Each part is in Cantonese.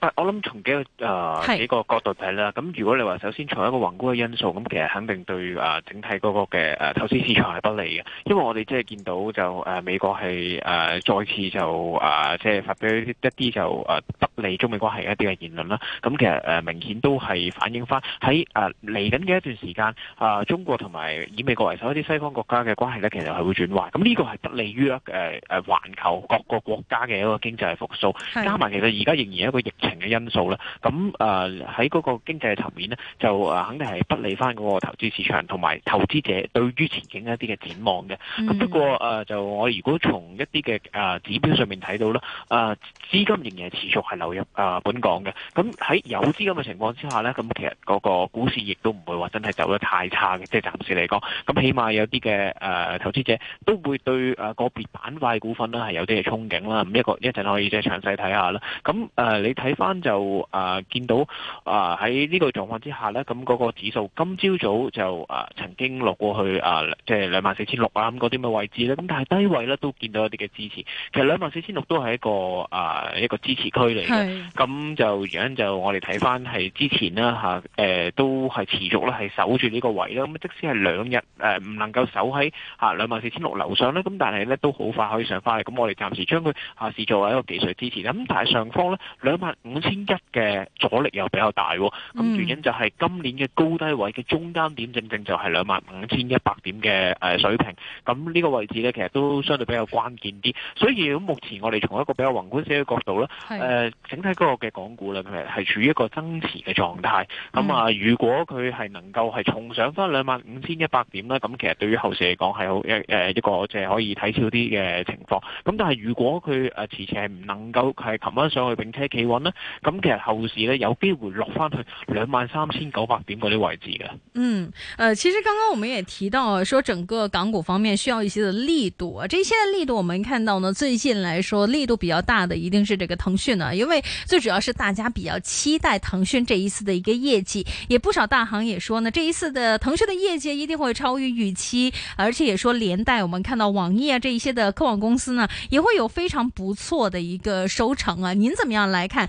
我諗從幾個、呃、幾個角度睇啦，咁是如果你話，首先從一個宏觀嘅因素，咁其實肯定對整體嗰個嘅誒投資市場係不利嘅，因為我哋即係見到就誒、呃、美國係誒、呃、再次就誒即係發表一啲就誒不、呃、利中美關係一啲嘅言論啦，咁其實誒、呃、明顯都係反映翻喺誒嚟緊嘅一段時間，啊、呃、中國同埋以美國為首一啲西方國家嘅關係咧，其實係會轉壞，咁呢個係不利於誒誒環球各個國家嘅一個經濟嘅復甦，是加埋其實而家仍然一個疫。嘅因素啦，咁誒喺嗰個經濟嘅層面呢，就誒肯定係不利翻嗰個投資市場同埋投資者對於前景一啲嘅展望嘅。咁不過誒、呃、就我如果從一啲嘅誒指標上面睇到啦，誒、呃、資金仍然係持續係流入誒、呃、本港嘅。咁喺有資金嘅情況之下呢，咁其實嗰個股市亦都唔會話真係走得太差嘅，即係暫時嚟講，咁起碼有啲嘅誒投資者都會對誒、呃、個別板塊股份啦係有啲嘅憧憬啦。咁一個一陣可以即係詳細睇下啦。咁誒、呃、你睇。翻就啊，見到啊喺呢個狀況之下咧，咁嗰個指數今朝早就啊曾經落過去啊，即係兩萬四千六啊咁嗰啲咁嘅位置咧。咁但係低位咧都見到一啲嘅支持，其實兩萬四千六都係一個啊一個支持區嚟嘅。咁就而家就我哋睇翻係之前啦嚇，誒都係持續咧係守住呢個位啦。咁即使係兩日誒唔能夠守喺嚇兩萬四千六樓上咧，咁但係咧都好快可以上翻嚟。咁我哋暫時將佢啊視作為一個技術支持啦。咁但係上方咧兩萬五千一嘅阻力又比較大喎、哦，咁原因就係今年嘅高低位嘅中間點，正正就係兩萬五千一百點嘅水平，咁呢個位置咧其實都相對比較關鍵啲。所以目前我哋從一個比較宏觀些嘅角度咧是、呃，整體嗰個嘅港股咧係處於一個增持嘅狀態。咁啊，如果佢係能夠係重上翻兩萬五千一百點咧，咁其實對於後市嚟講係好一誒一個即係可以睇少啲嘅情況。咁但係如果佢誒遲遲係唔能夠係琴翻上去並且企穩咧，咁其實後市呢有機會落翻去兩萬三千九百點嗰啲位置嘅。嗯、呃，其實剛剛我們也提到、啊，說整個港股方面需要一些的力度、啊，這一些的力度，我們看到呢，最近來說力度比較大的，一定是這個騰訊啊。因為最主要是大家比較期待騰訊這一次的一個業績，也不少大行也說呢，這一次的騰訊的業績一定會超於預期，而且也說連帶我們看到網易啊，這一些的科網公司呢，也會有非常不錯的一個收成啊，您怎麼樣來看？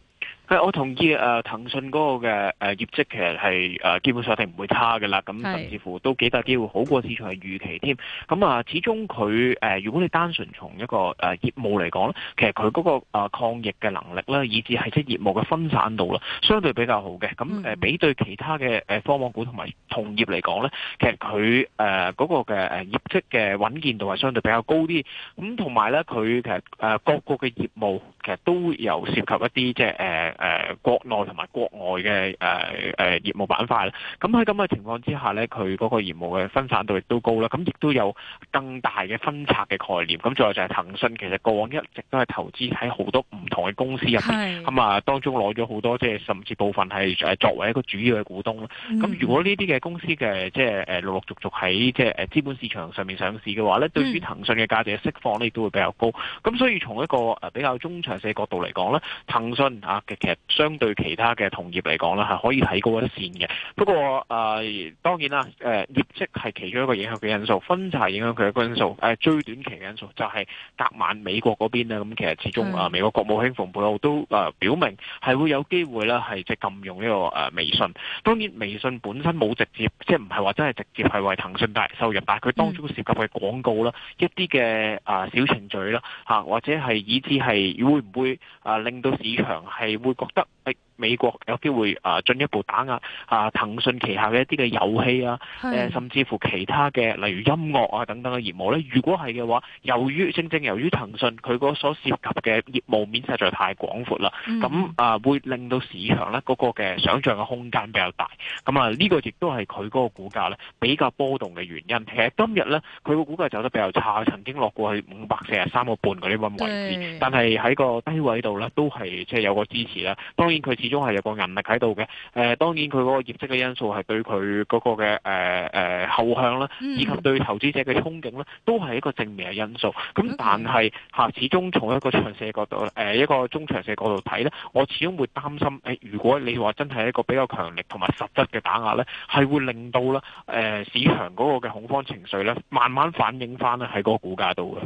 誒，我同意誒，騰訊嗰個嘅誒業績其實係誒基本上係唔會差嘅啦，咁甚至乎都幾大機會好過市場嘅預期添。咁啊，始終佢誒，如果你單純從一個誒業務嚟講咧，其實佢嗰個誒抗疫嘅能力咧，以至係即業務嘅分散度啦，相對比較好嘅。咁誒，比對其他嘅誒科網股同埋同業嚟講咧，其實佢誒嗰個嘅誒業績嘅穩健度係相對比較高啲。咁同埋咧，佢其實誒各個嘅業務。其實都有涉及一啲即係誒誒國內同埋國外嘅誒誒業務板塊啦。咁喺咁嘅情況之下咧，佢嗰個業務嘅分散度亦都高啦。咁亦都有更大嘅分拆嘅概念。咁再就係騰訊，其實過往一直都係投資喺好多唔同嘅公司入面咁啊，是當中攞咗好多即係甚至部分係作為一個主要嘅股東啦。咁、嗯、如果呢啲嘅公司嘅即係誒陸陸續續喺即係誒資本市場上面上市嘅話咧，對於騰訊嘅價值釋放咧亦都會比較高。咁、嗯、所以從一個比較中第四個角度嚟講咧，騰訊嚇嘅其實相對其他嘅同業嚟講咧，係可以睇高一線嘅。不過誒、呃、當然啦，誒業績係其中一個影響嘅因素，分拆影響佢嘅因素，誒、呃、最短期嘅因素就係、是、隔晚美國嗰邊啊，咁其實始終啊，美國國務卿蓬佩奧都誒表明係會有機會咧，係即係禁用呢個誒微信。當然微信本身冇直接，即係唔係話真係直接係為騰訊帶來收入，但係佢當中涉及嘅廣告啦、一啲嘅誒小程序啦嚇，或者係以至係唔會啊，令到市場係會覺得。美美國有機會啊，進一步打壓啊騰訊旗下嘅一啲嘅遊戲啊，誒的甚至乎其他嘅例如音樂啊等等嘅業務咧。如果係嘅話，由於正正由於騰訊佢所涉及嘅業務面實在太廣闊啦，咁、嗯、啊會令到市場咧個個嘅想象嘅空間比較大。咁啊呢個亦都係佢個股價咧比較波動嘅原因。其實今日咧佢個股價走得比較差，曾經落過去五百四十三個半嗰啲溫位置，對但係喺個低位度咧都係即係有個支持啦。當邊佢始終係有個壓力喺度嘅，誒、呃，當然佢嗰個業績嘅因素係對佢嗰個嘅誒誒後向啦，以及對投資者嘅憧憬咧，都係一個正面嘅因素。咁但係吓，始終從一個長線角度，誒、呃，一個中長線角度睇咧，我始終會擔心，誒、呃，如果你話真係一個比較強力同埋實質嘅打壓咧，係會令到咧，誒、呃，市場嗰個嘅恐慌情緒咧，慢慢反映翻咧喺嗰個股價度嘅。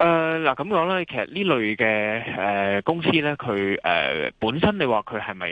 誒嗱咁講咧，其實呢類嘅誒、呃、公司咧，佢誒、呃、本身你話佢係咪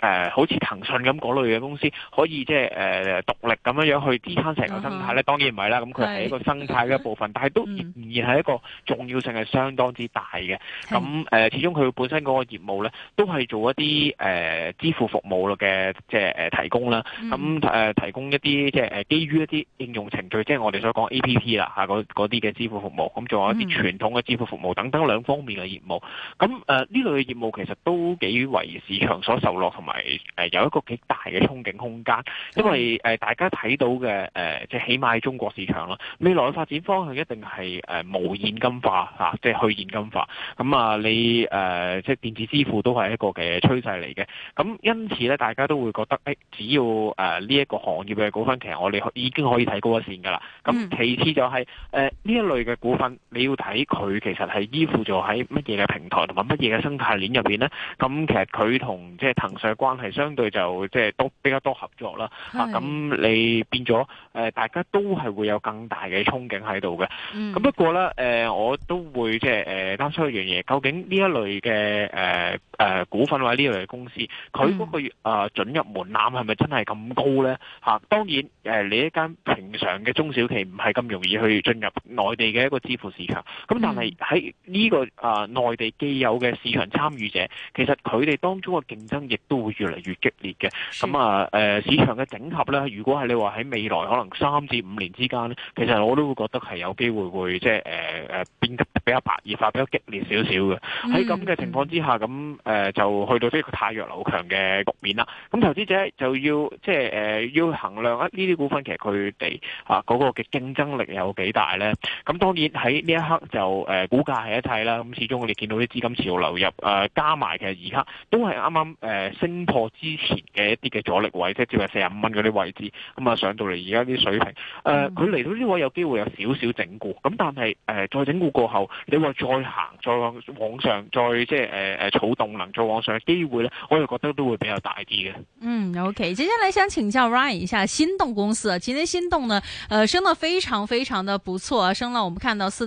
誒好似騰訊咁嗰類嘅公司，可以即係誒獨立咁樣去支撐成個生態咧？哦、好當然唔係啦，咁佢係一個生態嘅一部分，是但係都仍然係一個重要性係相當之大嘅。咁誒、嗯呃、始終佢本身嗰個業務咧，都係做一啲誒、呃、支付服務嘅，即、呃、係提供啦。咁、嗯呃、提供一啲即係基於一啲應用程序，即係我哋所講 A P P 啦吓嗰啲嘅支付服務。咁仲有傳統嘅支付服務等等兩方面嘅業務，咁誒呢類嘅業務其實都幾為市場所受落，同埋誒有一個幾大嘅憧憬空間。因為誒、呃、大家睇到嘅誒即係起碼中國市場啦，未來嘅發展方向一定係誒、呃、無現金化嚇、啊，即係去現金化，咁啊你誒即係電子支付都係一個嘅趨勢嚟嘅，咁因此咧大家都會覺得誒，只要誒呢一個行業嘅股份，其實我哋已經可以睇高一線噶啦。咁其次就係誒呢一類嘅股份。你要睇佢其實係依附咗喺乜嘢嘅平台同埋乜嘢嘅生態鏈入邊咧？咁其實佢同即係騰訊嘅關係相對就即係都比較多合作啦。咁的、啊、你變咗誒、呃，大家都係會有更大嘅憧憬喺度嘅。咁、嗯、不過咧誒、呃，我都會即係誒擔心一樣嘢，究竟呢一類嘅誒誒股份或者呢類嘅公司，佢嗰、嗯那個誒、呃、準入門檻係咪真係咁高咧？嚇、啊，當然誒、呃，你一間平常嘅中小企唔係咁容易去進入內地嘅一個支付市場。咁、嗯、但係喺呢個啊、呃、內地既有嘅市場參與者，其實佢哋當中嘅競爭亦都會越嚟越激烈嘅。咁啊是，誒、嗯呃、市場嘅整合咧，如果係你話喺未來可能三至五年之間咧，其實我都會覺得係有機會會即係誒誒變得比較白熱化、比較激烈少少嘅。喺咁嘅情況之下，咁、呃、誒就去到即係汰弱留強嘅局面啦。咁、嗯、投資者就要即係誒要衡量一呢啲股份，其實佢哋啊嗰個嘅競爭力有幾大咧？咁當然喺呢一一刻就誒股價係一切啦，咁始終我哋見到啲資金持續流入，誒加埋其實而家都係啱啱誒升破之前嘅一啲嘅阻力位，即係接近四十五蚊嗰啲位置，咁啊上到嚟而家啲水平，誒佢嚟到呢位有機會有少少整固，咁但係誒再整固過後，你話再行再往上，再即係誒誒儲動能再往上嘅機會咧，我哋覺得都會比較大啲嘅。嗯，OK，接下嚟想請教 Ryan 一下心動公司，今天心動呢，誒、呃、升得非常非常的不錯，升到我們看到四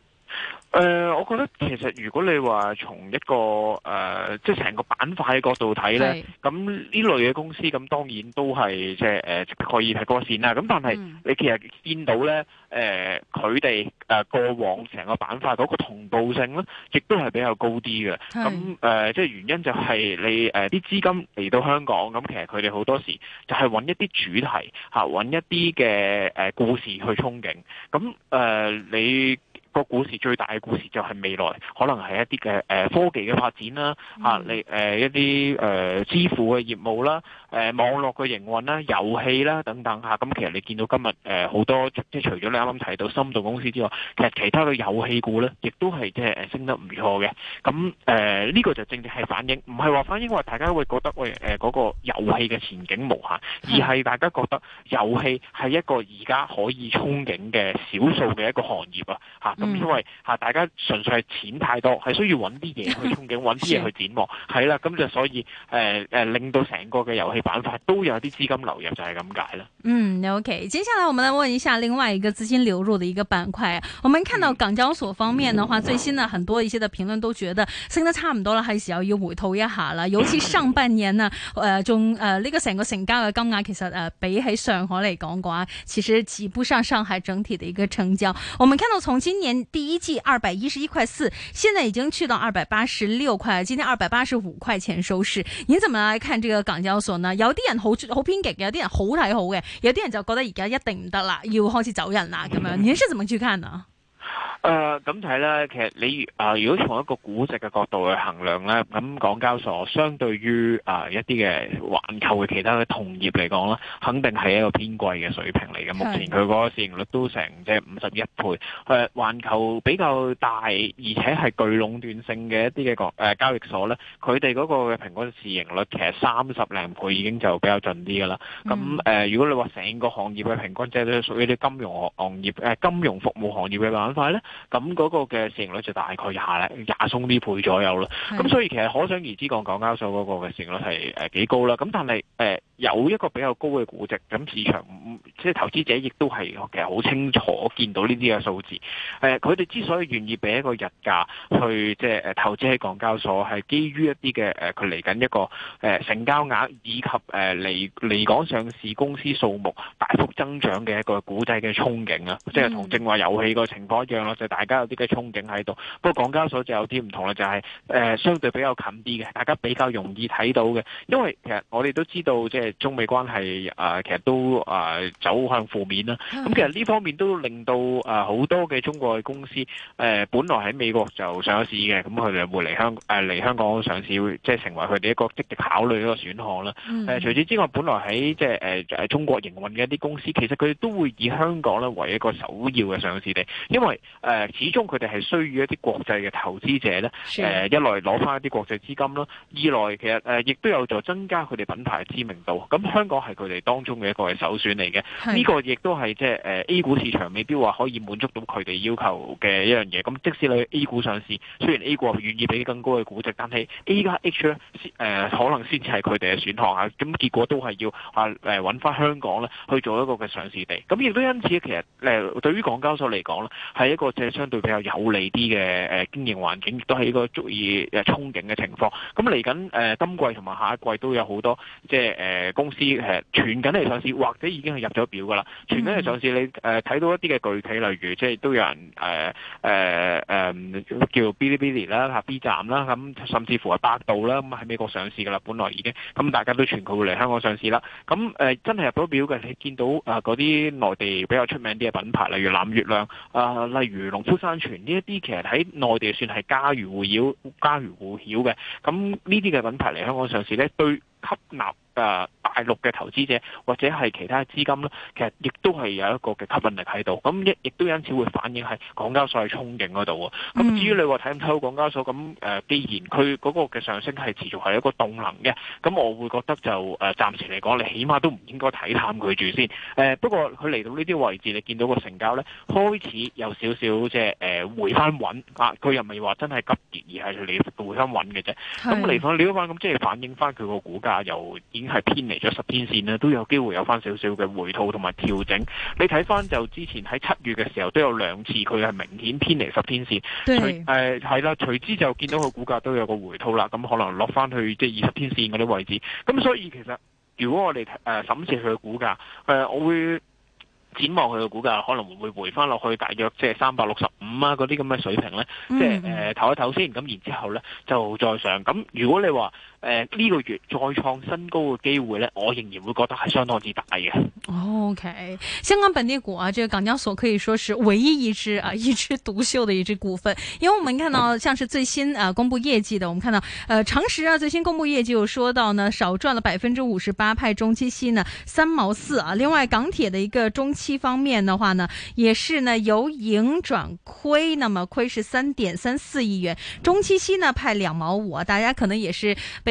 誒、呃，我覺得其實如果你話從一個誒、呃，即係成個板塊嘅角度睇咧，咁呢是類嘅公司咁，當然都係即係誒，可以睇過線啦。咁但係你其實見到咧，誒、嗯，佢哋誒過往成個板塊嗰個同步性咧，亦都係比較高啲嘅。咁誒是、呃，即係原因就係你誒，啲、呃、資金嚟到香港，咁、呃、其實佢哋好多時就係揾一啲主題吓，揾、啊、一啲嘅誒故事去憧憬。咁、啊、誒、呃，你。個股市最大嘅股市就係未來，可能係一啲嘅誒科技嘅發展啦，嚇你、嗯啊、一啲誒、呃、支付嘅業務啦。誒、呃、網絡嘅營運啦、遊戲啦等等嚇，咁、啊、其實你見到今日誒好多即除咗你啱啱提到心動公司之外，其實其他嘅遊戲股咧，亦都係即係升得唔錯嘅。咁誒呢個就正正係反映，唔係話反映話大家會覺得喂誒嗰個遊戲嘅前景無限，的而係大家覺得遊戲係一個而家可以憧憬嘅少數嘅一個行業啊，咁、啊、因為、啊、大家純粹係錢太多，係需要揾啲嘢去憧憬，揾啲嘢去展望，係啦 的。咁就所以誒、呃、令到成個嘅遊戲。板塊都有啲資金流入就，就係咁解啦。嗯，OK，接下來我們來問一下另外一個資金流入的一個板塊。我們看到港交所方面的話，嗯嗯、最新呢，很多一些的評論都覺得升得差唔多了，還是要要回吐一下啦。尤其上半年呢， 呃，中，呃，呢、這個成個成交嘅金額，其實呃比起上海嚟講嘅話，其實擠不上上海整體的一個成交。我們看到從今年第一季二百一十一塊四，現在已經去到二百八十六塊，今天二百八十五塊錢收市。你怎麼來看這個港交所呢？有啲人好好偏激嘅，有啲人好睇好嘅，有啲人就覺得而家一定唔得啦，要開始走人啦咁樣。你覺得做唔做啊？誒，咁睇咧，其實你誒，如果從一個估值嘅角度去衡量咧，咁港交所相對於誒一啲嘅環球嘅其他嘅同業嚟講咧，肯定係一個偏貴嘅水平嚟嘅。目前佢嗰個市盈率都成即係五十一倍。誒，環球比較大而且係具壟斷性嘅一啲嘅個誒交易所咧，佢哋嗰個嘅平均市盈率其實三十零倍已經就比較盡啲噶啦。咁誒，如果你話成個行業嘅平均，即係都屬於啲金融行業誒，金融服務行業嘅板塊咧。咁嗰個嘅市盈率就大概廿零廿鬆啲倍左右啦。咁所以其實可想而知，港交所嗰個嘅市盈率係誒幾高啦。咁但係誒有一個比較高嘅估值，咁市場即係投資者亦都係其實好清楚見到呢啲嘅數字。誒，佢哋之所以願意俾一個日價去即係誒投資喺港交所，係基於一啲嘅誒佢嚟緊一個誒成交額以及誒嚟嚟港上市公司數目大幅增長嘅一個估值嘅憧憬啦。即係同正話遊戲個情況一樣啦。大家有啲嘅憧憬喺度，不過港交所就有啲唔同啦，就係、是、誒、呃、相對比較近啲嘅，大家比較容易睇到嘅。因為其實我哋都知道，即係中美關係啊、呃，其實都啊、呃、走向負面啦。咁、嗯、其實呢方面都令到啊好、呃、多嘅中國嘅公司誒、呃，本來喺美國就上市嘅，咁佢哋會嚟香誒嚟、呃、香港上市，即係成為佢哋一個積極考慮嘅一個選項啦。誒、呃、除此之外，本來喺即係誒誒中國營運嘅一啲公司，其實佢哋都會以香港咧為一個首要嘅上市地，因為，呃誒始終佢哋係需要一啲國際嘅投資者咧，誒的、呃、一來攞翻一啲國際資金啦，二來其實誒亦、呃、都有助增加佢哋品牌嘅知名度。咁香港係佢哋當中嘅一個嘅首選嚟嘅，呢的個亦都係即係誒 A 股市場未必話可以滿足到佢哋要求嘅一樣嘢。咁即使你去 A 股上市，雖然 A 股願意俾更高嘅估值，但係 A 加 H 咧誒、呃、可能先至係佢哋嘅選項啊。咁結果都係要話誒揾翻香港咧去做一個嘅上市地。咁亦都因此其實誒、呃、對於港交所嚟講咧，係一個，即相對比較有利啲嘅誒經營環境，亦都係一個足以誒憧憬嘅情況。咁嚟緊誒今季同埋下一季都有好多即係誒、呃、公司誒、呃、傳緊嚟上市，或者已經係入咗表噶啦。傳緊嚟上市，你誒、呃、睇到一啲嘅具體，例如即係都有人誒誒誒叫 Bilibili 啦 B，B 站啦，咁、啊、甚至乎係百度啦，咁喺美國上市噶啦，本來已經，咁大家都傳佢會嚟香港上市啦。咁誒、呃、真係入咗表嘅，你見到誒嗰啲內地比較出名啲嘅品牌，例如藍月亮啊、呃，例如。農夫山泉呢一啲其實喺內地算係家喻戶曉，家喻戶曉嘅。咁呢啲嘅品牌嚟香港上市咧，對吸納，誒、啊、大陸嘅投資者或者係其他資金咧，其實亦都係有一個嘅吸引力喺度，咁一亦都因此會反映喺港交所嘅憧憬嗰度。咁至於你話睇唔睇到港交所，咁誒、呃，既然佢嗰個嘅上升係持續係一個動能嘅，咁我會覺得就誒、呃、暫時嚟講，你起碼都唔應該睇淡佢住先。誒、呃、不過佢嚟到呢啲位置，你見到個成交咧開始有少少即係誒回翻穩啊！佢又唔係話真係急跌，而係嚟回翻穩嘅啫。咁嚟翻料翻咁，即係、啊、反映翻佢個股價由。係偏離咗十天線咧，都有機會有翻少少嘅回吐同埋調整。你睇翻就之前喺七月嘅時候都有兩次，佢係明顯偏離十天線。對，誒係啦，隨之就見到個股價都有個回吐啦。咁可能落翻去即係二十天線嗰啲位置。咁所以其實如果我哋誒、呃、審視佢嘅股價，誒、呃、我會展望佢嘅股價可能會回翻落去，大約即係三百六十五啊嗰啲咁嘅水平呢、嗯、即係誒唞一唞先，咁然之後、後呢就再上。咁如果你話，呢、呃這個月再創新高嘅機會呢，我仍然會覺得係相當之大嘅。OK，香港本地股啊，這個港交所可以說是唯一一支啊一枝獨秀嘅一支股份，因為我們看到像是最新啊公布業績的，我們看到，呃長實啊最新公布業績又說到呢少賺了百分之五十八派中期息呢三毛四啊，另外港鐵的一個中期方面的話呢，也是呢由盈轉虧，那麼虧是三點三四億元，中期息呢派兩毛五，啊。大家可能也是被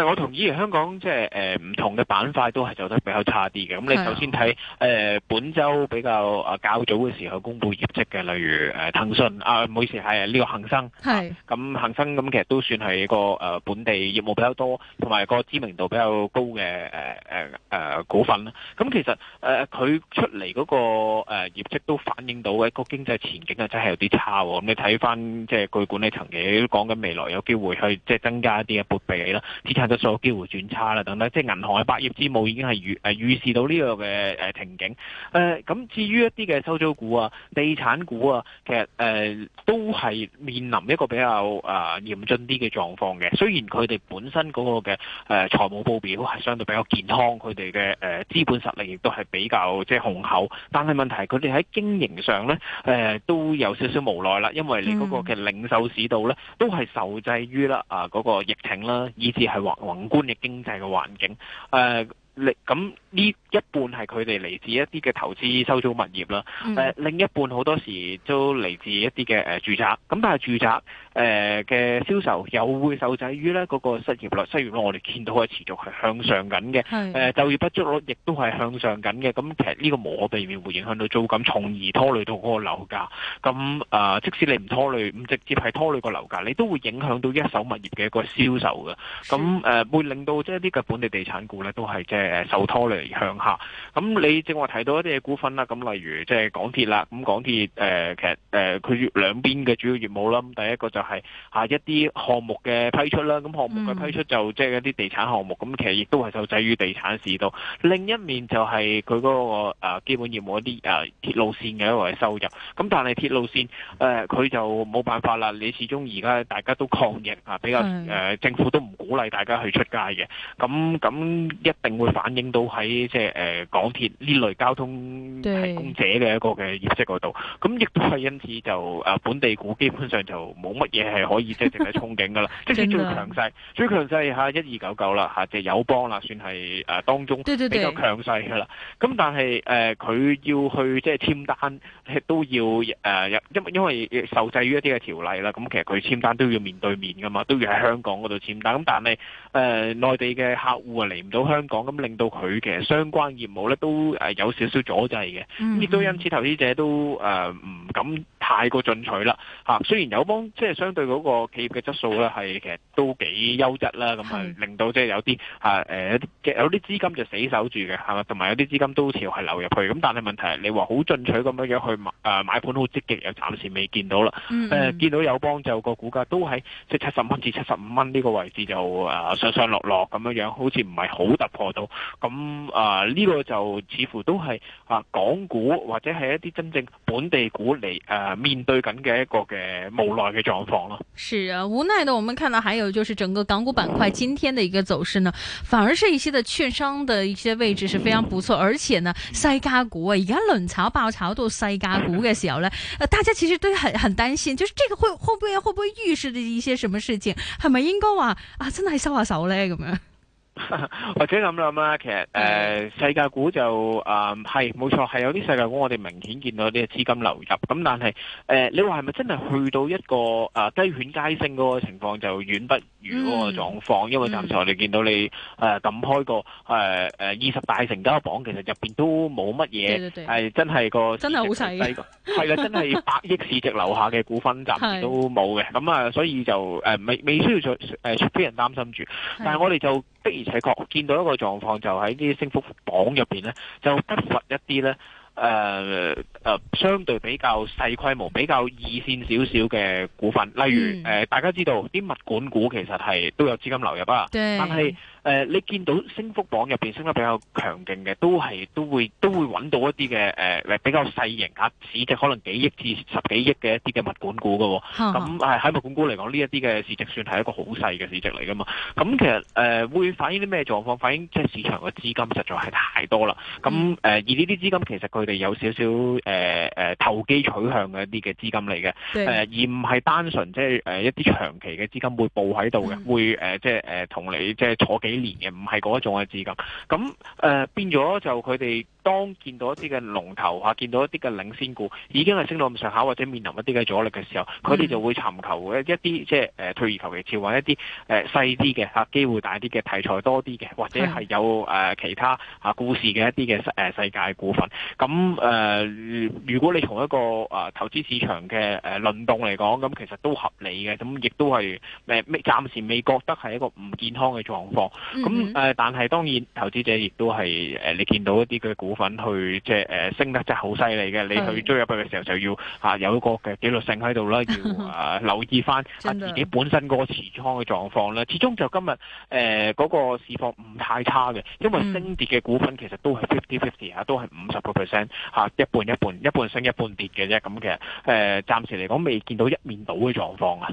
係，我同意。香港即係誒唔同嘅板塊都係做得比較差啲嘅。咁你首先睇誒本周比較啊較早嘅時候公布業績嘅，例如誒騰訊、嗯、啊，唔好意思，係呢個恒生係。咁恒的、啊、生咁其實都算係一個誒、呃、本地業務比較多，同埋個知名度比較高嘅誒誒誒股份啦。咁其實誒佢、呃、出嚟嗰、那個誒、呃、業績都反映到一個經濟前景啊、哦，真係有啲差喎。咁你睇翻即係佢管理層嘅都講緊未來有機會去即係、就是、增加一啲嘅撥備啦，得數機會轉差啦，等等，即係銀行嘅百業之母，已經係預誒預示到呢個嘅誒情景。誒、呃，咁至於一啲嘅收租股啊、地產股啊，其實誒、呃、都係面臨一個比較啊嚴峻啲嘅狀況嘅。雖然佢哋本身嗰個嘅誒財務報表係相對比較健康，佢哋嘅誒資本實力亦都係比較即係雄厚，但係問題係佢哋喺經營上咧，誒、呃、都有少少無奈啦。因為你嗰個嘅零售市道咧，都係受制於啦啊嗰個疫情啦，以至係話。宏觀嘅經濟嘅環境，誒、呃，咁呢一半係佢哋嚟自一啲嘅投資、收租物業啦，誒、呃，嗯，另一半好多時都嚟自一啲嘅誒住宅，咁但係住宅。誒嘅、呃、銷售又會受制於呢嗰、那個失業率，失業率我哋見到係持續係向上緊嘅。誒是、呃、就業不足率亦都係向上緊嘅。咁、嗯、其實呢個無可避免會影響到租金，從而拖累到嗰個樓價。咁、嗯、誒、呃，即使你唔拖累，唔直接係拖累個樓價，你都會影響到一手物業嘅一個銷售嘅。咁、嗯、誒、呃、會令到即係啲嘅本地地產股咧都係即誒受拖累向下。咁、嗯、你正話提到一啲嘅股份啦，咁、嗯、例如即係港鐵啦，咁、嗯、港鐵誒、呃、其實誒佢兩邊嘅主要業務啦，咁、嗯、第一個就是。係啊！一啲項目嘅批出啦，咁項目嘅批出就即係一啲地產項目，咁其實亦都係受制於地產市道。另一面就係佢嗰個誒基本業務一啲誒鐵路線嘅一個收入。咁但係鐵路線誒佢就冇辦法啦，你始終而家大家都抗疫啊，比較誒政府都唔鼓勵大家去出街嘅。咁咁一定會反映到喺即係誒港鐵呢類交通提供者嘅一個嘅業績嗰度。咁亦都係因此就誒本地股基本上就冇乜嘢係 可以即係淨係憧憬噶啦，即、就、係、是、最強勢， 最強勢嚇一二九九啦嚇，即係友邦啦，算係誒、呃、當中比較強勢噶啦。咁對但係誒佢要去即係簽單，都要誒，因、呃、因為受制於一啲嘅條例啦。咁其實佢簽單都要面對面噶嘛，都要喺香港嗰度簽單。咁但係誒、呃、內地嘅客戶啊嚟唔到香港，咁令到佢嘅相關業務咧都誒、呃、有少少阻滯嘅。咁亦、嗯、哼都因此投資者都誒唔、呃、敢。太過進取啦嚇、啊，雖然友邦即係相對嗰個企業嘅質素咧係其實都幾優質啦，咁係啊令到即係有啲嚇誒有啲資金就死守住嘅嚇，同、啊、埋有啲資金都好似係流入去，咁但係問題係你話好進取咁樣樣去買誒、啊、買盤好積極，又暫時未見到啦。誒、嗯嗯啊、見到友邦就個股價都喺即係七十蚊至七十五蚊呢個位置就啊上上落落咁樣樣，好似唔係好突破到。咁啊呢、這個就似乎都係啊港股或者係一啲真正本地股嚟誒。啊面對緊嘅一個嘅無奈嘅狀況咯，是啊，無奈的。我們看到還有就是整個港股板塊今天的一個走勢呢，反而是一些的券商的一些位置是非常不錯，而且呢，細價股啊，而家輪炒爆炒到細價股嘅時候呢，呃，大家其實都很很擔心，就是這個會會不會會不會預示着一些什麼事情？係咪應該話啊，真係收下手呢咁樣。 或者咁諗啦，其實誒、呃，世界股就誒係冇錯，係、呃、有啲世界股我哋明顯見到啲資金流入。咁但係誒、呃，你話係咪真係去到一個誒雞、呃、犬皆升嗰個情況就遠不如嗰個狀況？嗯、因為暫時我哋見到你誒撳、嗯呃、開個誒誒、呃、二十大成交榜，其實入邊都冇乜嘢，係真係個真係好細係係啦，真係百億市值樓 下嘅股份暫時都冇嘅。咁啊是、嗯呃，所以就誒、呃、未未需要再誒出人擔心住。但係我哋就。的而且確，見到一個狀況，就喺啲升幅榜入邊呢，就不乏一啲呢，誒、呃、誒、呃，相對比較細規模、比較二線少少嘅股份，例如誒、嗯呃，大家知道啲物管股其實係都有資金流入啊，對但係。誒、呃，你見到升幅榜入面升得比較強勁嘅，都係都會都會揾到一啲嘅誒比較細型啊，市值可能幾億至十幾億嘅一啲嘅物管股噶喎。咁喺物管股嚟講，呢一啲嘅市值算係一個好細嘅市值嚟噶嘛。咁、嗯嗯、其實誒、呃、會反映啲咩狀況？反映即係市場嘅資金實在係太多啦。咁、嗯、而呢啲資金其實佢哋有少少誒、呃、投機取向嘅一啲嘅資金嚟嘅對、呃。而唔係單純即係一啲長期嘅資金會佈喺度嘅，嗯、會、呃、即係同、呃、你即係坐幾年嘅唔係嗰一種嘅資格，咁誒、呃、變咗就佢哋。當見到一啲嘅龍頭嚇、啊，見到一啲嘅領先股已經係升到咁上下，或者面臨一啲嘅阻力嘅時候，佢哋就會尋求一啲即係誒退而求其次，或者一啲誒細啲嘅嚇機會大啲嘅題材多啲嘅，或者係有誒、啊、其他嚇、啊、故事嘅一啲嘅誒世界股份。咁誒、啊，如果你從一個誒、啊、投資市場嘅誒、啊、輪動嚟講，咁其實都合理嘅，咁亦都係誒未暫時未覺得係一個唔健康嘅狀況。咁誒、啊，但係當然投資者亦都係誒，你見到一啲嘅股份。份去即係誒升得真係好犀利嘅，你去追入去嘅時候就要吓、啊、有一個嘅紀律性喺度啦，要、啊、留意翻自己本身個持倉嘅狀況啦。的始終就今日誒嗰個市況唔太差嘅，因為升跌嘅股份其實都係 fifty fifty 都係五十個 percent 吓，一半一半，一半升一半跌嘅啫。咁其實誒暫、呃、時嚟講未見到一面倒嘅狀況啊。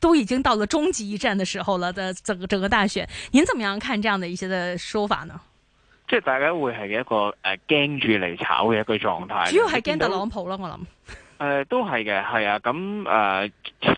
都已經到了終極一戰嘅時候了，的整個整個大選，您怎麼樣看這樣的一些的說法呢？即係大家會係一個誒驚住嚟炒嘅一個狀態。主要係驚特朗普咯，我諗。誒、呃，都係嘅，係啊，咁、嗯、誒、呃、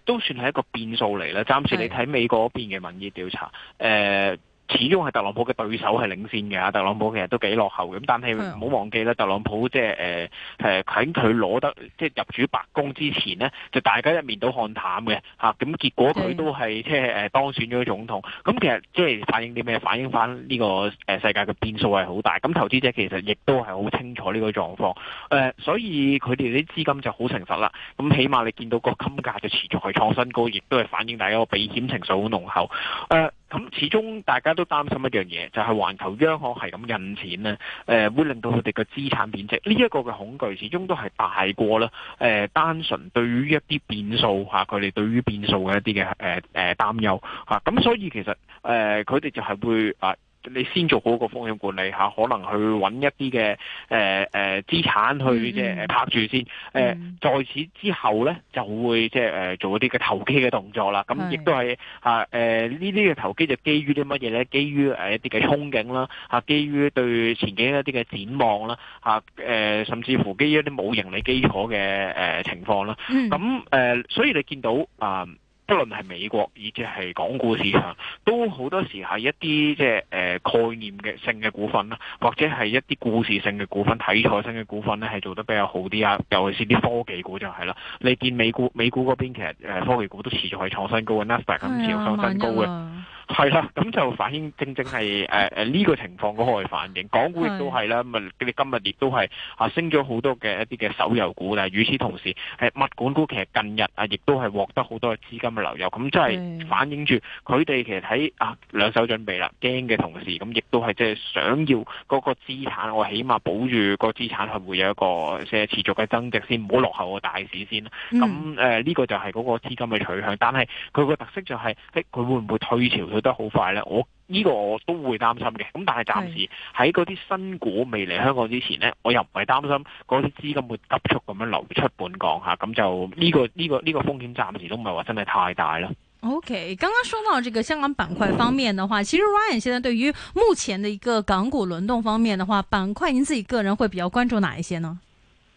都算係一個變數嚟啦。暫時你睇美國嗰邊嘅民意調查，誒、呃。的始終係特朗普嘅對手係領先嘅，特朗普其實都幾落後嘅。咁但係唔好忘記啦。特朗普即係誒誒喺佢攞得即係、就是、入主白宮之前呢，就大家一面都看淡嘅吓。咁、啊、結果佢都係即係誒當選咗總統。咁、啊、其實即係反映啲咩？反映翻呢個誒世界嘅變數係好大。咁投資者其實亦都係好清楚呢個狀況。誒、呃，所以佢哋啲資金就好誠實啦。咁、啊、起碼你見到個金價就持續去創新高，亦都係反映大家個避險情緒好濃厚。誒、呃。咁始終大家都擔心一樣嘢，就係、是、環球央行係咁印錢咧、呃，會令到佢哋嘅資產貶值。呢、這、一個嘅恐懼始終都係大過啦、呃。單純對於一啲變數嚇，佢哋對於變數嘅一啲嘅誒誒擔憂嚇。咁、呃呃啊、所以其實誒佢哋就係會、啊你先做好個風險管理、啊、可能去揾一啲嘅誒誒資產去即係拍住先。誒、呃、在此之後咧，就會即、呃、做一啲嘅投機嘅動作啦。咁亦都係嚇誒呢啲嘅投機就基於啲乜嘢咧？基於誒一啲嘅憧憬啦，嚇基於對前景一啲嘅展望啦，嚇、啊呃、甚至乎基於一啲冇盈利基礎嘅、啊、情況啦。咁、啊、誒、mm hmm. 啊，所以你見到啊～不論係美國，以至係港股市場，都好多時係一啲即係誒概念嘅性嘅股份啦，或者係一啲故事性嘅股份、題材性嘅股份咧，係做得比較好啲啊。尤其是啲科技股就係啦，你見美股美股嗰邊其實誒、呃、科技股都持續係創新高嘅 Nasdaq，咁持續創新高嘅，係啦、啊，咁、啊、就反映正正係誒誒呢個情況可以反映。港股亦都係啦，咁啊你今日亦都係啊升咗好多嘅一啲嘅手遊股，但係與此同時，係物管股其實近日啊亦都係獲得好多嘅資金。流入咁，即係反映住佢哋其實喺啊兩手準備啦，驚嘅同時，咁亦都係即係想要嗰個資產，我起碼保住個資產係會有一個即持續嘅增值先，唔好落後個大市先啦。咁呢、呃呢個就係嗰個資金嘅取向，但係佢個特色就係、是、佢會唔會退潮退得好快呢？我。呢個我都會擔心嘅，咁但係暫時喺嗰啲新股未嚟香港之前呢，是我又唔係擔心嗰啲資金會急速咁樣流出本港嚇，咁、啊、就呢個、呢個、呢個風險暫時都唔係話真係太大啦。OK，剛剛說到這個香港板塊方面的話，其實 Ryan 現在對於目前的一個港股輪動方面的話，板塊您自己個人會比較關注哪一些呢？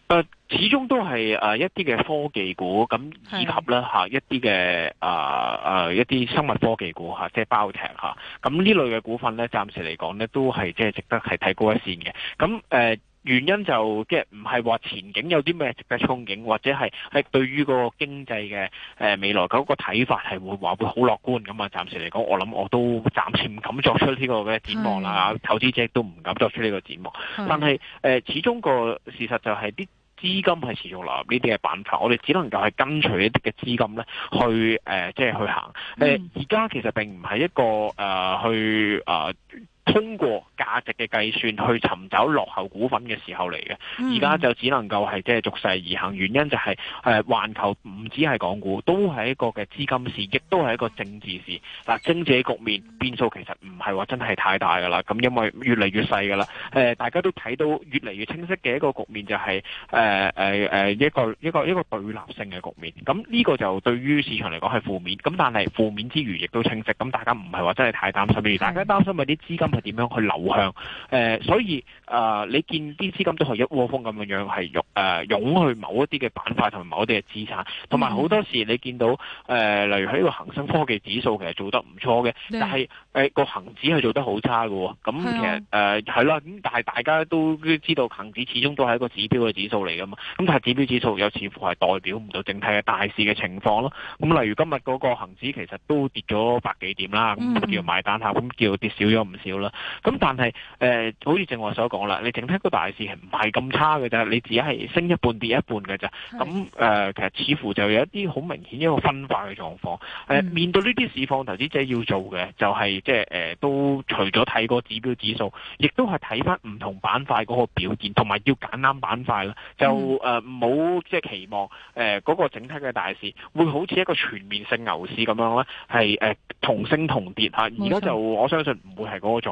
呃始終都係誒一啲嘅科技股，咁以及呢，吓是、啊、一啲嘅誒誒一啲生物科技股吓、啊，即係包踢。吓、啊。咁呢類嘅股份咧，暫時嚟講咧都係即係值得係睇高一線嘅。咁誒、呃、原因就即係唔係話前景有啲咩值得憧憬，或者係喺對於個經濟嘅誒未來嗰個睇法係會話會好樂觀咁啊？暫時嚟講，我諗我都暫時唔敢作出呢個嘅展望啦。是投資者都唔敢作出呢個展望。是但係誒、呃、始終個事實就係、是、啲。資金係持續流入呢啲嘅辦法，我哋只能夠係跟隨一啲嘅資金咧，去誒，即係去行誒，而家其實並唔係一個誒去誒。通過價值嘅計算去尋找落後股份嘅時候嚟嘅，而家就只能夠係即係逐勢而行，原因就係、是、誒、呃、環球唔止係港股，都係一個嘅資金市，亦都係一個政治市。嗱、啊，政治嘅局面變數其實唔係話真係太大噶啦，咁因為越嚟越細噶啦。誒、呃，大家都睇到越嚟越清晰嘅一個局面就係誒誒誒一個一個一個對立性嘅局面。咁呢個就對於市場嚟講係負面，咁但係負面之餘亦都清晰，咁大家唔係話真係太擔心，大家擔心嘅啲資金。係點樣去流向？誒、呃，所以誒、呃，你見啲資金都係一窩蜂咁樣樣係湧誒湧去某一啲嘅板塊同埋某一啲嘅資產，同埋好多時你見到誒、呃，例如喺呢個恒生科技指數其實做得唔錯嘅，但係誒個恒指係做得好差喎。咁其實誒係啦，咁但係大家都知道恒指始終都係一個指標嘅指數嚟噶嘛，咁但係指標指數又似乎係代表唔到整體嘅大市嘅情況咯。咁例如今日嗰個恒指其實都跌咗百幾點啦，咁叫埋單下，咁叫跌少咗唔少。咁、嗯、但係誒、呃，好似正話所講啦，你整體個大市係唔係咁差嘅咋？你自己係升一半跌一半嘅咋。咁誒，其實似乎就有一啲好明顯一個分化嘅狀況。誒、呃，嗯、面對呢啲市況，投資者要做嘅就係即係誒，都、呃、除咗睇個指標指數，亦都係睇翻唔同板塊嗰個表現，同埋要揀啱板塊啦。就誒，唔、呃、好即係期望誒嗰、呃那個整體嘅大市會好似一個全面性牛市咁樣咧，係誒、呃、同升同跌吓。而家就我相信唔會係嗰個狀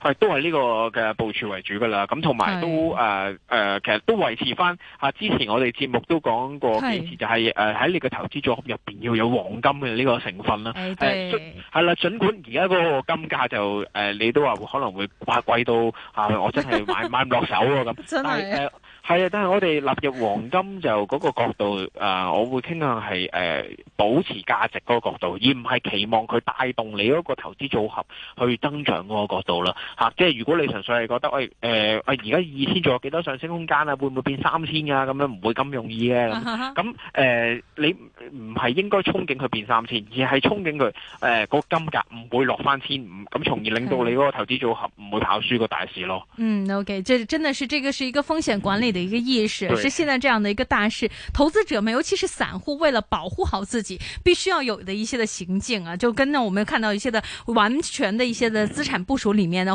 係都係呢個嘅部署為主噶啦，咁同埋都誒誒是、呃，其實都維持翻啊。之前我哋節目都講過，堅持是就係誒喺你嘅投資組合入邊要有黃金嘅呢個成分啦。係的，啦、呃，盡管而家嗰個金價就誒、呃，你都話會可能會話貴到、啊、我真係買 買唔落手咁。係誒，係啊，但係的、啊呃、我哋納入黃金就嗰個角度啊、呃，我會傾向係誒、呃、保持價值嗰個角度，而唔係期望佢帶動你嗰個投資組合去增長嗰個角度啦。吓、啊，即係如果你純粹係覺得，喂、哎，誒、呃，而家二千仲有幾多少上升空間啊？會唔會變三千啊？咁樣唔會咁容易嘅。咁誒、啊嗯呃，你唔係應該憧憬佢變三、呃那個、千，而係憧憬佢誒個金價唔會落翻千，咁從而令到你嗰個投資組合唔會跑輸個大市咯。嗯，OK，這真的是這個是一個風險管理的一個意識，對是現在這樣的一個大事。投資者們，尤其是散戶，為了保護好自己，必須要有的一些的行徑啊，就跟呢，我們看到一些的完全的一些的資產部署裏面呢？